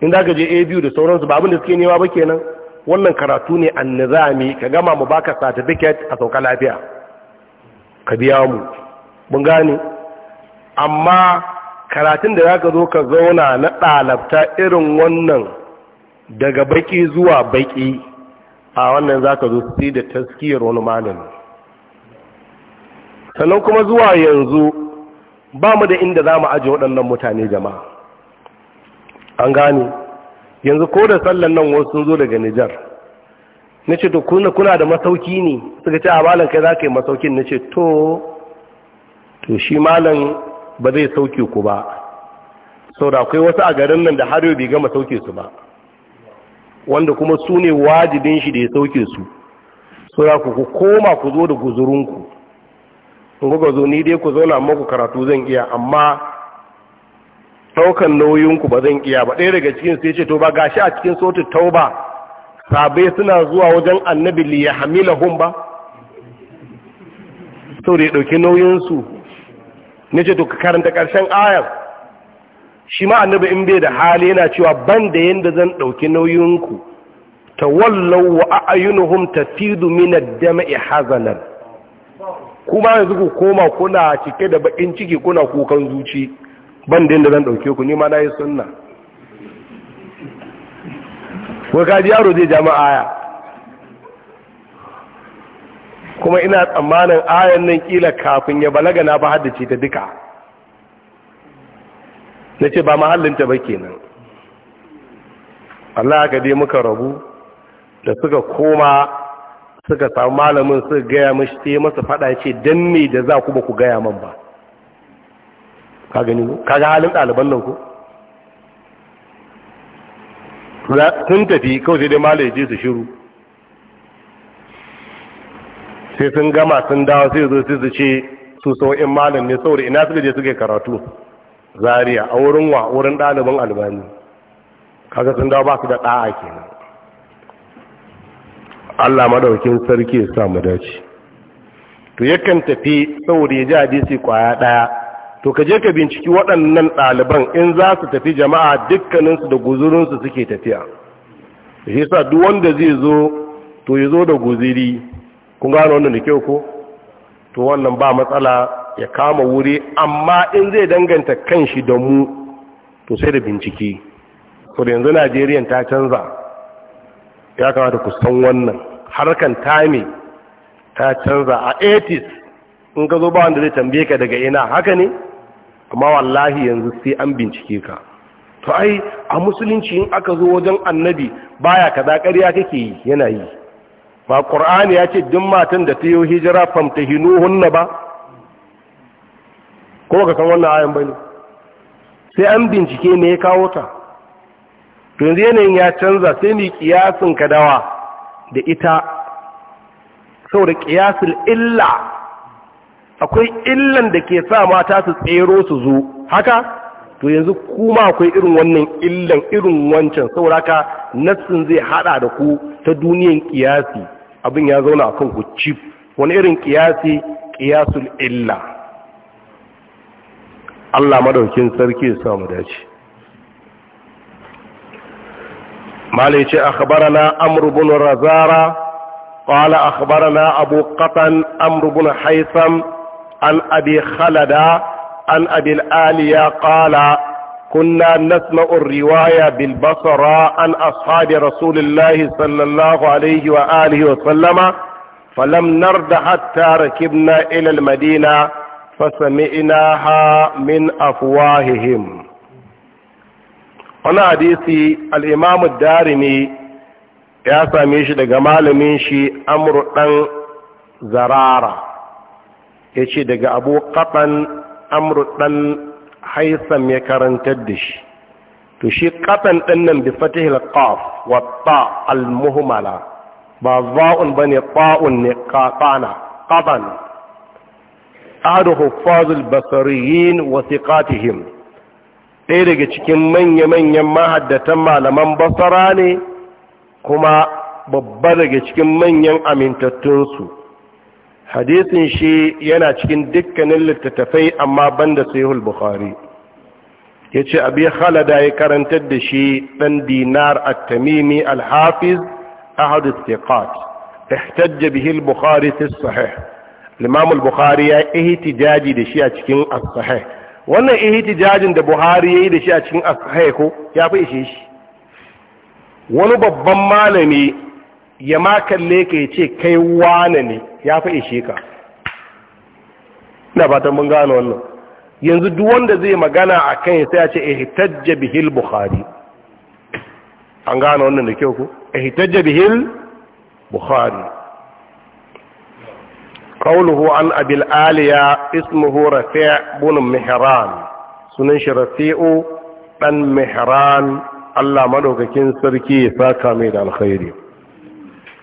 in za ka je a biyu da sauransu ba abin da suke nema ba kenan wannan karatu ne an nizami ka gama mu baka certificate a sauka lafiya ka biya mu mun gane amma karatun da za ka zo ka zauna na ɗalabta irin wannan daga baki zuwa baki a wannan za ka zo sai da taskiyar wani malami sannan kuma zuwa yanzu ba mu da inda za mu aje waɗannan mutane jama'a an gane yanzu ko da sallan nan wasu sun zo daga nijar na ce to kuna da masauki ne suka ce a malam kai za ka yi masaukin na ce to to shi malam ba zai sauke ku ba sau da akwai wasu a garin nan da har yau bai gama sauke su ba wanda kuma su ne wajibin shi da ya sauke su sau da ku koma ku zo da guzurunku. in kuka zo ni dai ku zauna muku karatu zan iya amma ɗaukan nauyinku ba zan iya ba ɗaya daga cikin sai ce to ba gashi a cikin sotu tauba sabe suna zuwa wajen annabi liya hamila hun ba sau da ya ɗauki nauyinsu na ce to ka karanta ƙarshen ayar shi ma annabi in bai da hali yana cewa ban da yadda zan ɗauki nauyinku ta wallau wa ta tafidu min dama damai hazanar kuma yanzu ku koma kuna cike da bakin ciki kuna kukan zuci ban da zan ɗauke ku ma na yi sunna ko ji yaro zai jama'a aya kuma ina tsammanin ayan nan kila kafin ya balaga na ba haddace ta duka na ce ba mahallinta ba kenan Allah ka dai muka rabu da suka koma suka samu malamin suka gaya mashi ta yi masa fada ce don me da za ku ba ku gaya man ba ka gani ko ga halin ɗaliban nan ko sun tafi kawai sai dai malaye je su shiru sai sun gama sun dawo sai zo sai su ce su in malam ne saboda ina suka je suka karatu zaria a wurin wa wurin ɗaliban albani kaga sun dawo ba su da ɗa'a kenan Allah madaukin sarki ya sa mu dace to yakan tafi saboda ya ji hadisi kwaya ɗaya to ka je ka binciki waɗannan ɗaliban in za su tafi jama'a dukkaninsu da guzurinsu suke tafiya shi sa duk wanda zai zo to ya zo da guziri kun gano wannan da kyau ko to wannan ba matsala ya kama wuri amma in zai danganta kanshi da mu to sai da bincike to da yanzu najeriya ta canza ya kamata ku san wannan harkan time ta canza a 80 in ka zo ba wanda zai tambaye ka daga ina haka ne amma wallahi yanzu sai an bincike ka to ai a musulunci in aka zo wajen annabi baya kaza ƙarya kake yi yana yi ba ƙur'ani ya ce duk matan da ta yi hijira hunna ba ko ka san wannan ayan bane sai an bincike ne ya kawo ta to yanzu yanayin ya canza sai ni kiyasin kadawa da ita saboda kiyasul illa akwai illan da ke sa mata su tsero su zo haka to yanzu kuma akwai irin wannan illan irin wancan sauraka nassin zai hada da ku ta duniyan kiyasi abin ya zauna akan ku cif wani irin kiyasi kiyasul illa Allah madaukin sarki ya samu dace malai ce akhbarana amr bin razara qala akhbarana abu qatan amr bin haitham عن أبي خلد عن أبي الآلية قال كنا نسمع الرواية بالبصرة عن أصحاب رسول الله صلى الله عليه وآله وسلم فلم نرد حتى ركبنا إلى المدينة فسمعناها من أفواههم wani hadisi al'imamu darimi ya same shi daga malamin shi amur ɗan zarara ya ce daga abu kaɗan amurɗan haisam ya karantar da shi to shi kaɗan ɗin nan bi al qaf wa ta al-muhmala ba za'un ba ne ta'un ne kaɗana kaɗan ahadu hufazul basariyin wa ɗaya daga cikin manya-manyan mahaddatan malaman basara ne kuma babba daga cikin manyan amintattunsu hadisin shi yana cikin dukkanin littattafai amma banda sahihul bukhari yace abi khalada ya karantar da shi ɗan dinar at-tamimi al-hafiz ahad istiqat ihtajja bihi al-bukhari fi sahih al-imam al-bukhari ya ihtijaji da shi a cikin as-sahih wannan ihtijajin da buhari yayi da shi a cikin as ya fi ishe shi wani babban malami ya ma kalle ka yace kai wane ne ya fi ishe ka na fatan mun gano wannan yanzu duk wanda zai magana a kan sai ya ce ihtajja bihil bukhari an gano wannan da kyau ku ihtajja bihil bukhari qawluhu an abil aliya ismuhu rafi' bin mihran sunan shi rafi'u dan mihran Allah madaukakin sarki ya saka mai da alkhairi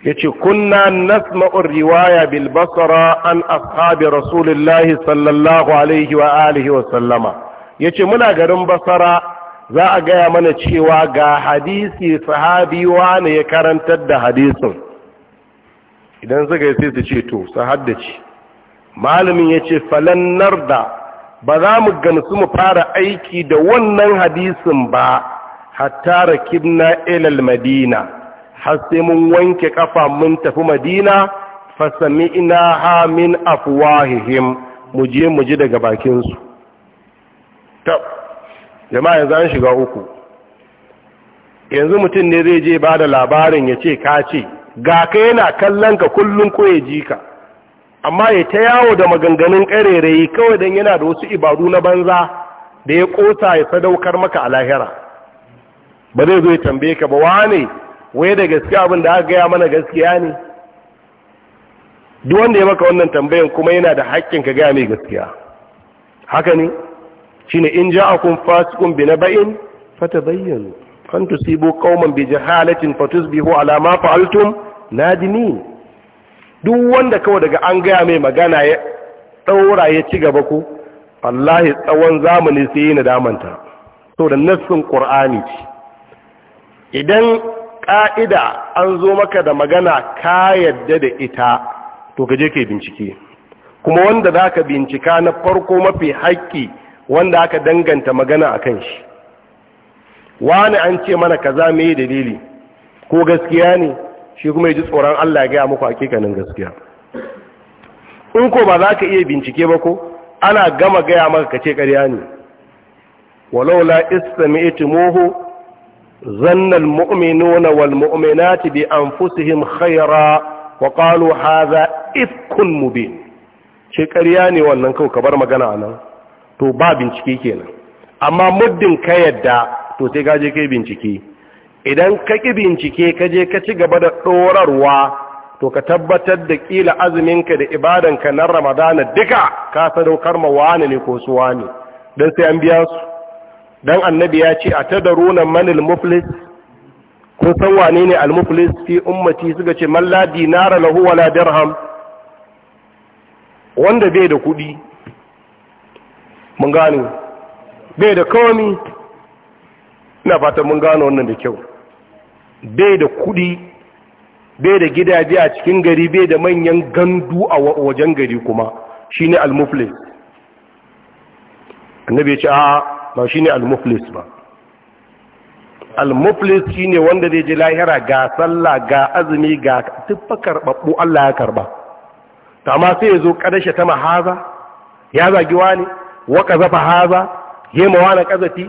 yace kunna nasma'u riwaya bil basra an ashabi rasulillahi sallallahu alaihi wa alihi wa sallama yace muna garin basara za a gaya mana cewa ga hadisi sahabi ne ya karantar da hadisin idan suka yi su ce to su haddace malamin yace falan narda ba za mu gamsu mu fara aiki da wannan hadisin ba hatta rakibna ilal madina har sai mun wanke kafa mun tafi madina fasami ina ha min afuwahihim mu je mu ji daga bakinsu tab jama'a yanzu an shiga uku yanzu mutum ne zai je bada labarin ya ce ka ce ga ka yana kallon ka kullum ko ya ji ka amma ya ta yawo da maganganun ƙarerayi kawai don yana da wasu ibadu na banza da ya ƙosa ya sadaukar maka a lahira ba zai zo ya tambaye ka ba wane wai da gaske abin da aka gaya mana gaskiya ne duk wanda ya maka wannan tambayan kuma yana da haƙƙin ka gaya mai gaskiya haka ne shine in ja'akum fasikun bi na fata fatabayyanu an tusibu qauman bi jahalatin fatusbihu ala ma fa'altum nadimin duk wanda kawai daga an gaya mai magana ya ɗaura ya ci gaba ku wallahi tsawon zamani sai yi damanta to da nassin qur'ani ce idan ƙa'ida an zo maka da magana ka yadda da ita to ka je bincike kuma wanda za ka bincika na farko mafi haƙƙi wanda aka danganta magana a kan shi wani an ce mana ka za mai dalili ko gaskiya ne shi kuma ya ji tsoron Allah ya gaya muku hakikanin gaskiya in ko ba za ka iya bincike ba ko ana gama gaya maka ka ce ƙarya ne walaula istami'tumuhu ظن المؤمنون والمؤمنات بأنفسهم خيرا وقالوا هذا إفك مبين ce ƙarya ne wannan kawai ka bar magana nan to ba bincike kenan amma muddin ka yadda to sai ka je bincike idan ka ƙi bincike ka je ka ci gaba da ɗorarwa to ka tabbatar da ƙila azuminka da ibadanka na ramadana duka ka sadaukar ma wane ne ko su wane don sai an biya su dan annabi ya ce a tadaruna manil muflis kun san wane ne al-muflis fi ummati suka ce Malladi, Nara, dinara lahu wala dirham wanda bai da kuɗi mun gane. bai da komi ina fatan mun gane wannan da kyau bai da kuɗi bai da gidaje a cikin gari bai da manyan gandu a wajen gari kuma shine al-muflis annabi ya ce a ba shi ne almuflis ba almuflis shi ne wanda zai ji lahira ga sallah ga azumi ga tuffa karɓaɓɓu Allah ya karba ta amma sai ya zo ƙadashe ta mahaza ya zagi wani waka zafa haza yema wani ƙazafi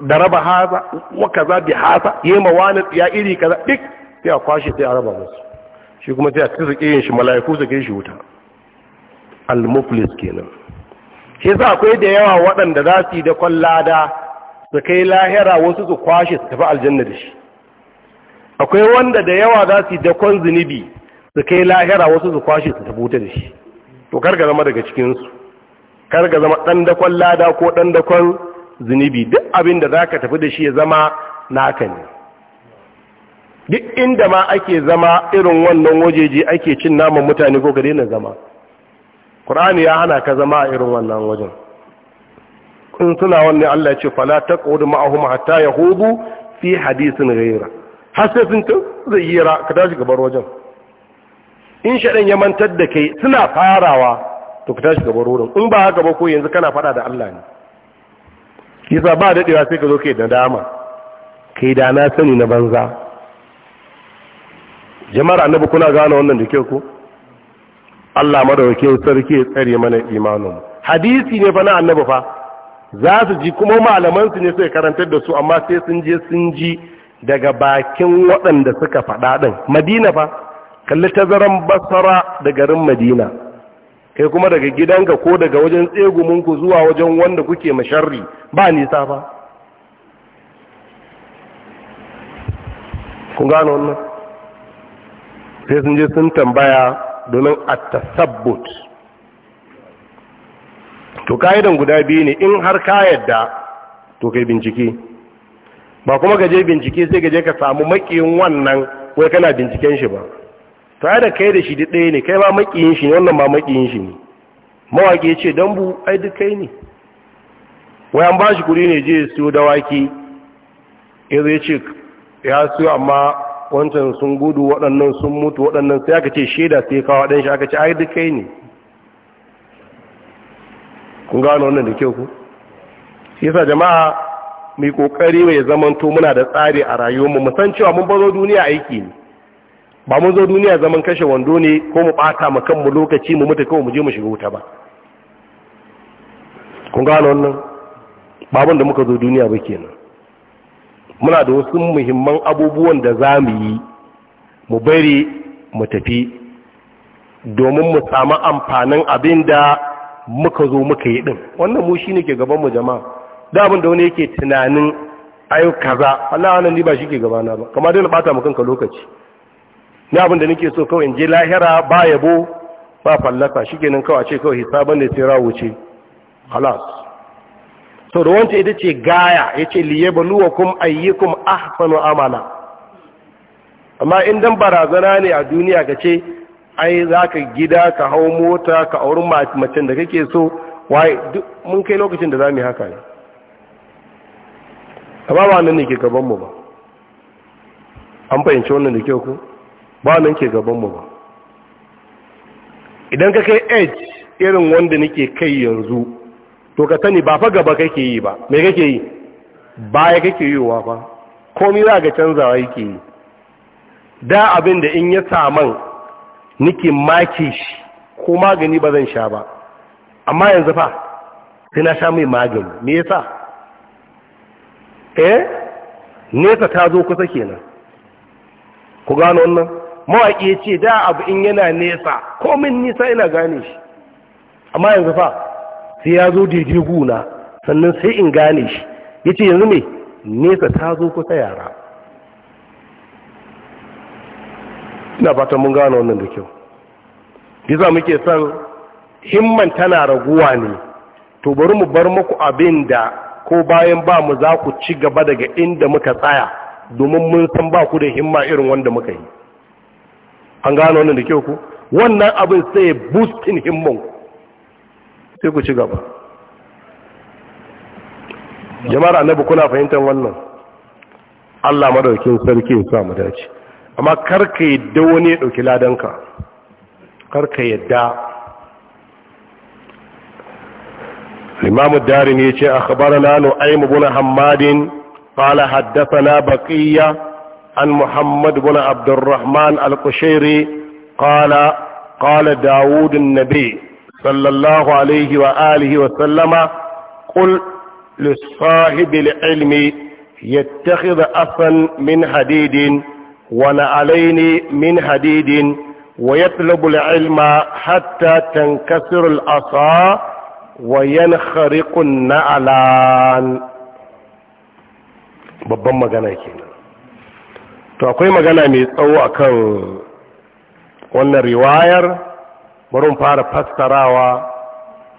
da raba haza waka zafi haza ya yema wani ya iri kaza duk sai a kwashe sai a raba musu shi kuma sai a tsirke yin shi mala'iku su kai shi wuta almuflis kenan shi yasa akwai da yawa waɗanda za su yi da kwallada su kai lahira wasu su kwashe su tafi aljanna da shi akwai wanda da yawa za su yi dakon zunubi su kai lahira wasu su kwashe su tafi wuta da shi to karga zama daga cikinsu karga zama ɗan dakon lada ko ɗan dakon zunubi duk abin da za ka tafi da shi ya zama naka ne duk inda ma ake zama irin wannan wajeji ake cin naman mutane ko gare na zama ƙur'ani ya hana ka zama a irin wannan wajen in suna wannan Allah ya ce fala taqudu ma'ahum hatta yahudu fi hadisin ghayra har sai sun tun zai yi ra ka tashi gabar wajen in shaɗan ya mantar da kai suna farawa to ka tashi gabar wurin in ba haka ba ko yanzu kana faɗa da Allah ne yasa ba daɗewa sai ka zo kai da dama kai da na sani na banza jama'ar annabi kuna gane wannan da kyau ko Allah madaukakin sarki ya tsare mana imanin hadisi ne fa na annabi fa za su ji kuma malaman su ne suka karantar da su amma sai sun je sun ji daga bakin waɗanda suka faɗa ɗin Madina fa kalli tazaran basara da garin Madina kai kuma daga gidanka ko daga wajen tseguminku zuwa wajen wanda kuke masharri ba nisa fa kun gano wannan sai sun je sun tambaya domin a tasabbut to kaidan guda biyu ne in har ka yadda to kai bincike ba kuma gaje bincike sai gaje ka samu makiyin wannan wai kana binciken shi ba to da kai da shi duk ɗaya ne kai ma makiyin shi ne wannan ma makiyin shi ne mawaƙi ce don bu ai duk kai ne wai an ba shi kuɗi ne je siyo dawaki ya ya ce ya siyo amma wancan sun gudu waɗannan sun mutu waɗannan sai aka ce shaida sai kawo ɗan shi aka ce ai duka kai ne kun gano wannan da kyau ku shi yasa jama'a mai kokari mai to muna da tsari a rayuwarmu mu san cewa mun bazo duniya aiki ne ba mun zo duniya zaman kashe wando ne ko mu bata mu kanmu lokaci mu mutu kawai mu je mu shiga wuta ba kun gano wannan babun da muka zo duniya ba kenan muna da wasu muhimman abubuwan da za mu yi mu bari mu tafi domin mu samu amfanin abin da muka zo muka yi ɗin wannan mu shi ne ke mu jama'a damun da wani yake tunanin ayo kaza Allah wannan ni ba shi ke gabana ba kamar dole bata mu kanka lokaci ni abin da nake so kawai in je lahira ba yabo ba fallasa shikenan kawai a ce kawai hisaban ne sai rawo ce halas. to da wancan ita ce gaya ya ce liye baluwa kuma ayyukum ahsanu amala amma in dan barazana ne a duniya ka ce ai za ka gida ka hau mota ka auri macen da kake so waye mun kai lokacin da za mu yi haka ne amma ba nan ne ke gabanmu ba an fahimci wannan da kyau ku ba nan ke gabanmu ba idan ka kai age irin wanda nake kai yanzu to ka sani ba fa gaba kake yi ba me kake yi baya kake yi wa fa komai za ga canzawa yake yi da abin da in ya saman nike maki shi ko magani ba zan sha ba amma yanzu fa sai na sha mai magani me yasa eh nesa ta zo kusa kenan ku gano wannan mawaƙi ya ce da abu in yana nesa komin nisa ina gane shi amma yanzu fa sai ya zo daidai guna sannan sai in gane shi ya ce yanzu ne nesa ta zo kusa yara ina fatan mun gane wannan da kyau yasa muke son himman tana raguwa ne to bari mu bar maku abin da ko bayan ba mu za ku ci gaba daga inda muka tsaya domin mun san ba ku da himma irin wanda muka yi an gano wannan da kyau ku wannan abin sai boostin himman ku sai ku ci gaba jama'ar annabi kuna fahimtar wannan Allah madaukin sarki ya samu dace amma karka yadda wani ya dauki ladanka karka yadda imam darin ya ce akhbarana nu'aym ibn hammad qala haddathana baqiya an muhammad ibn abdurrahman al-qushairi qala qala daud an-nabi صلى الله عليه وآله وسلم قل للصاحب العلم يتخذ أصا من حديد ونعلين من حديد ويطلب العلم حتى تنكسر الأصا وينخرق النعلان بابا ما تو akwai magana mai tsawo akan wannan riwayar bari fara fassarawa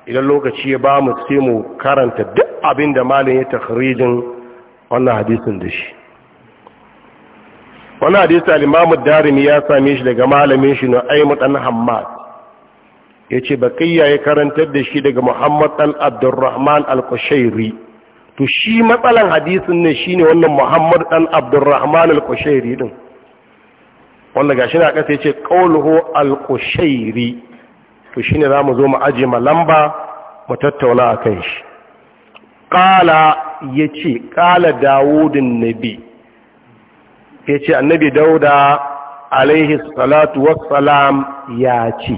idan lokaci ya ba mu sai mu karanta duk abin da malin ya takhrijin wannan hadisin da shi wannan hadisi al-imamu darimi ya same shi daga malamin shi na aimu dan hammad ya ce baƙiyya ya karantar da shi daga muhammad dan abdurrahman al-kushairi to shi matsalan hadisin ne shine wannan muhammad dan abdurrahman al-kushairi din wanda gashi na kasa ya ce ƙauluhu al-kushairi to shi ne za mu zo mu aje ma lamba mu tattauna a kan shi ƙala ya ce ƙala dawudin nabi ya ce annabi dauda alaihi salatu wassalam ya ce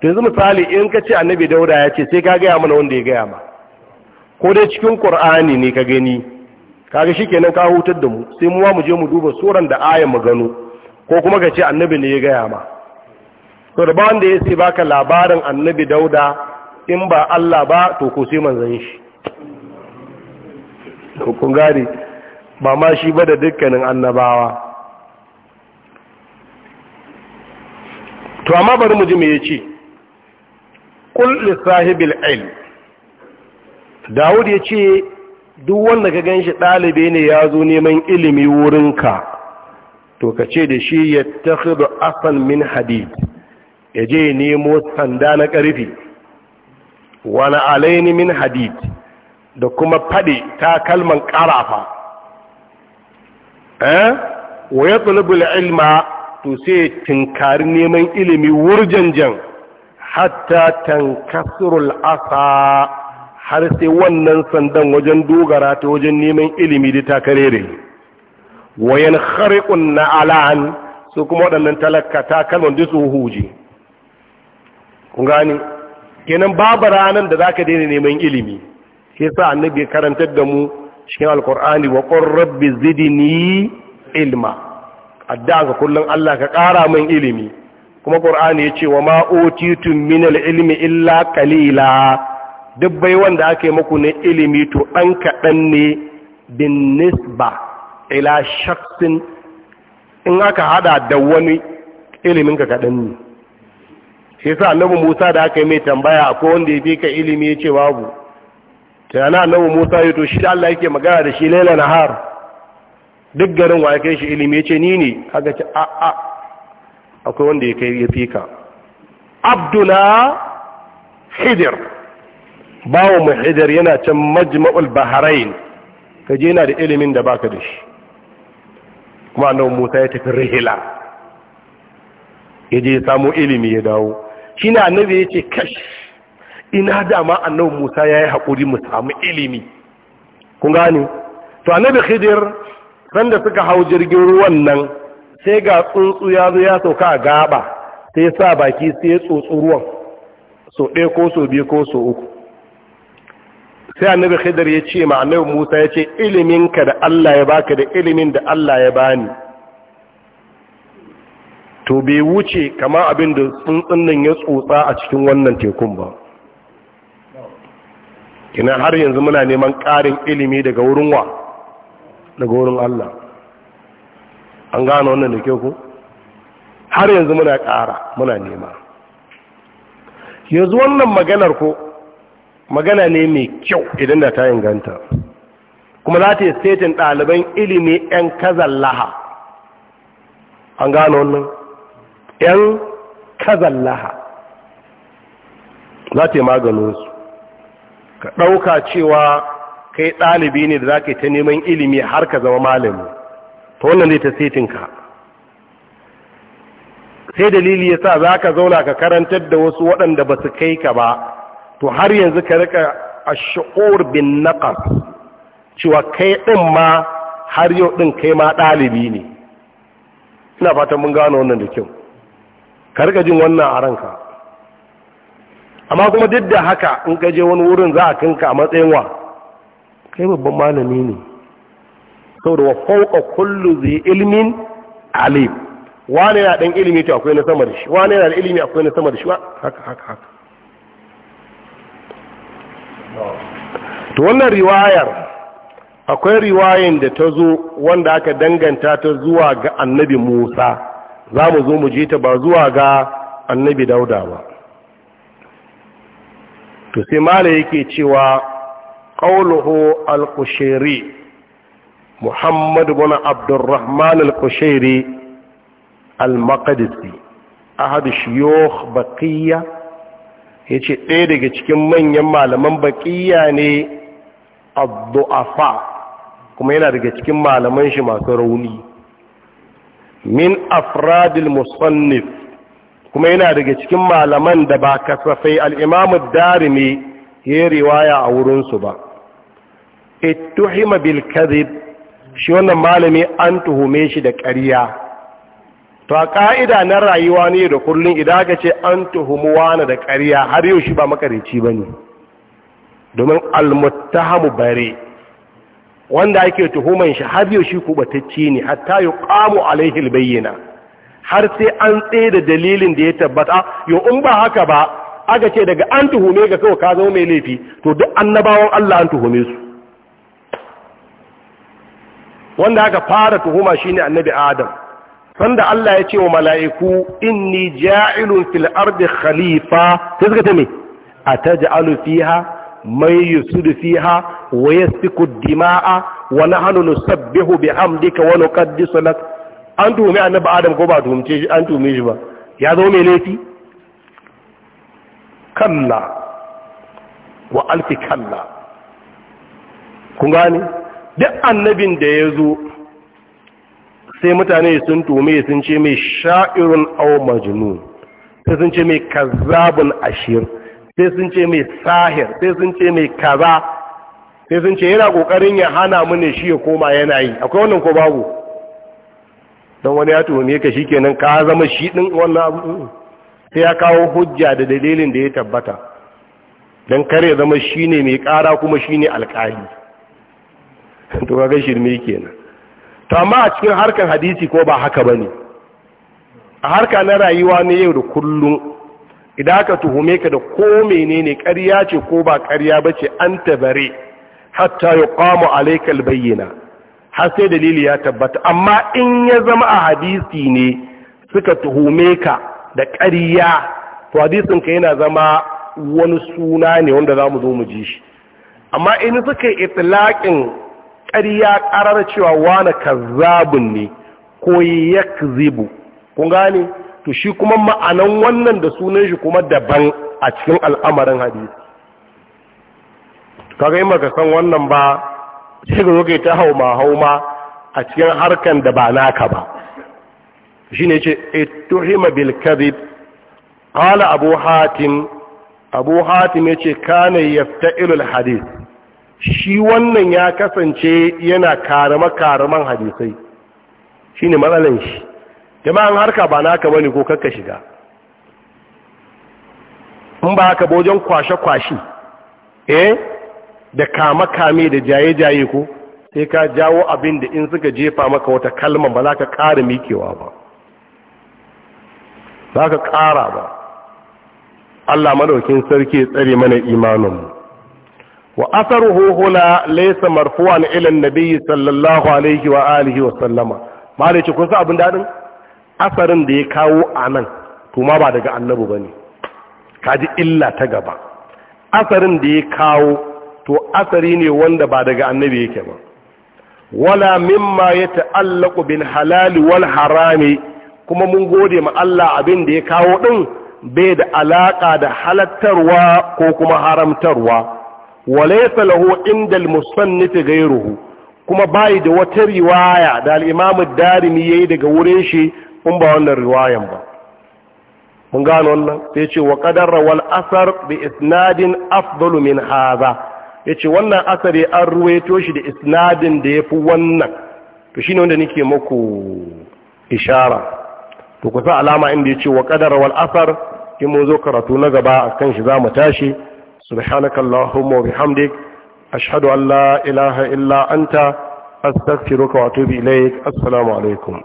to yanzu misali in ka ce annabi dauda ya ce sai ka gaya mana wanda ya gaya ma ko dai cikin ƙur'ani ne ka gani kaga shi kenan ka hutar da mu sai muwa mu je mu duba suran da ayan mu gano ko kuma ka ce annabi ne ya gaya ma turban da wanda ya sai baka labarin annabi dauda in ba Allah ba to ko sai manzan shi hukun gari ba ma shi ba da dukkanin annabawa to amma bari mu ji me yace kul li sahibil ilm Dawud yace duk wanda ka ganshi ɗalibi ne ya zo neman ilimi wurinka to kace da shi yattakhidhu asan min hadith ya je nemo sanda na ƙarfi wani alaini min hadid da kuma faɗi takalman ƙarafa eh wa ya tsulubul ilma to sai tinkari neman ilimi wurjanjan hatta tankasirul asa har sai wannan sandan wajen dogara ta wajen neman ilimi da takarere wayan khariqun na alan su kuma waɗannan talaka ta da su huje kun gani kenan babu ranar da zaka daina neman ilimi sai sa annabi karantar da mu cikin alkur'ani wa qur rabbi zidni ilma addu'a ga kullun Allah ka kara min ilimi kuma qur'ani yace wa ma utitu min ilmi illa qalila duk bai wanda ake muku ne ilimi to dan kadan ne bin nisba ila shakhsin in aka hada da wani ilimin ka kadan ne shi sa annabi Musa da aka yi mai tambaya akwai wanda ya fi ka ilimi ya ce babu tunana annabi Musa ya to shi da Allah yake magana da shi laila har duk garin wa kai shi ilimi ya ce ni ne aka ce a a akwai wanda ya kai ya fi ka abduna hidir bawo mu hidir yana can majma'ul bahrain kaje yana da ilimin da baka da shi kuma annabi Musa ya tafi rihila ya je samu ilimi ya dawo Kina ne ya ce kash ina dama annabi musa ya yi haƙuri mu samu ilimi kun gane to annabi khidir sanda suka hau jirgin ruwan nan sai ga tsuntsu ya zo ya sauka a gaba sai ya sa baki sai ya tsotsu ruwan so ɗaya ko so biyu ko so uku sai annabi khidir ya ce ma annabi musa ya ce iliminka da allah ya baka da ilimin da allah ya bani to bai wuce kama abin da tsuntsun nan ya tsotsa a cikin wannan tekun ba ina har yanzu muna neman ƙarin ilimi daga wurin wa daga wurin Allah an gano wannan da kyau ku har yanzu muna ƙara muna nema yanzu wannan maganar ko magana ne mai kyau idan da ta inganta kuma za ta yi setin ɗaliban ilimi 'yan kazan laha an gano wannan 'yan kazallaha za ta yi maganinsu ka ɗauka cewa kai ɗalibi ne da za ka yi ta neman ilimi har ka zama malami ta wannan zai ta setinka sai dalili ya sa za ka zauna ka karantar da wasu waɗanda ba su kai ka ba to har yanzu ka rika a sha'ur bin naƙar cewa kai ɗin ma har yau ɗin kai ma ɗalibi ne ina fatan mun gano wannan da kyau ka rika jin wannan a ranka amma kuma duk da haka in ka je wani wurin za a kanka a matsayin wa kai babban malami ne saboda wa fauka kullu zai ilimin alif. wane na dan ilimi to akwai na sama da shi wane na da ilimi akwai na sama da shi haka haka haka to wannan riwayar akwai riwayar da ta zo wanda aka danganta ta zuwa ga annabi Musa za mu zo mu je ta ba zuwa ga annabi dauda ba to sai mala yake cewa ƙauluhu al-qushairi muhammad ibn abdurrahman al-qushairi al-maqdisi ahad shuyukh ya yace ɗaya daga cikin manyan malaman baqiya ne ad kuma yana daga cikin malaman shi masu rauni min afradil musannif kuma yana daga cikin malaman da ba kasafai al'imamu darimi ya riwaya a wurinsu ba ittuhima bil kadhib shi wannan malami an tuhume shi da ƙarya to a ƙa'ida na rayuwa ne da kullum idan aka ce an tuhumu wani da ƙarya har yau shi ba makarici ba ne domin almuttahamu bare wanda ake tuhuman shi har yau shi kubatacce ne hatta yi ƙamu alaihi bayyana har sai an tsaye da dalilin da ya tabbata ah, yau in ba haka ba aka ce daga an tuhume ga kawai ka zama mai laifi to duk annabawan Allah an tuhume su wanda aka fara tuhuma shine annabi Adam sanda Allah ya ce wa mala'iku inni ja'ilun fil ardi khalifa sai suka ta me ataj'alu fiha may yusidu fiha wa الدماء dima'a wa بحمدك ونقدس لك wa مي lak an tuhumi annabi adam ko ba يا ذو an tuhume shi ba ya laifi kalla wa alfi kalla duk annabin da ya zo sai mutane sun tume sun ce mai sha'irun au majnun sai sun ce mai kazabun ashir sai sun ce mai sahir sai sun ce mai kaza sai sun ce yana kokarin ya hana mune shi ya koma yana yi akwai wannan ko babu don wani ya tuhumi ka shi kenan ka zama shi din wannan abu sai ya kawo hujja da dalilin da ya tabbata don kare zama shi ne mai kara kuma shi ne alkali to kaga shirme kenan to amma a cikin harkan hadisi ko ba haka bane a harka na rayuwa ne yau da kullum idan aka tuhume ka da ko menene ƙarya ce ko ba ƙarya bace an tabare hatta yuqamu alaikal bayyana har sai dalili ya tabbata amma in ya zama a hadisi ne suka tuhume ka da ƙarya to hadisin ka yana zama wani suna ne wanda za mu zo mu ji shi amma in suka yi itilaƙin ƙarya ƙarar cewa wani kazzabun ne ko ya zibu kun gane to shi kuma ma'anan wannan da sunan shi kuma daban a cikin al'amarin hadisi kaga in baka san wannan ba sai ka zo ta hauma hauma a cikin harkan da ba naka ba shine yace ittuhima bil kadhib qala abu hatim abu hatim yace kana yafta'ilu al hadith shi wannan ya kasance yana karama karaman hadisai shine matsalan shi an harka ba naka bane ko kakka shiga in ba haka bojan kwashe kwashi eh da kame-kame da jaye-jaye ko sai ka jawo abin da in suka jefa maka wata kalma ba za ka ƙara mikewa ba za ka ƙara ba Allah maɗaukin sarki tsare mana imaninmu wa asaruhu huna laysa marfu'an ila an-nabi sallallahu alaihi wa alihi wa sallama malaci kun kunsa abin dadin asarin da ya kawo anan to ma ba daga annabi bane kaji illa ta gaba asarin da ya kawo to asari ne wanda ba daga annabi yake ba wala mimma ya ta'allaku bin halali wal harami kuma mun gode ma Allah abin da ya kawo din bai da alaka da halattarwa ko kuma haramtarwa walaysa lahu indal musannif ghayruhu kuma bai da wata riwaya da al-imam ad-darimi yayi daga wurin shi kun ba wannan riwayan ba mun gano wannan sai ce wa wal asar bi isnadin afdalu min hadha ya ce wannan asari an ruwaito shi da isnadin da ya fi wannan to shi ne wanda nake maku ishara to kusa alama inda ya ce wa ƙadar wal asar in mu zo karatu na gaba a kan shi za mu tashi subhanakallahumma wa bihamdik ashhadu an la ilaha illa anta astaghfiruka wa atubu ilaik assalamu alaikum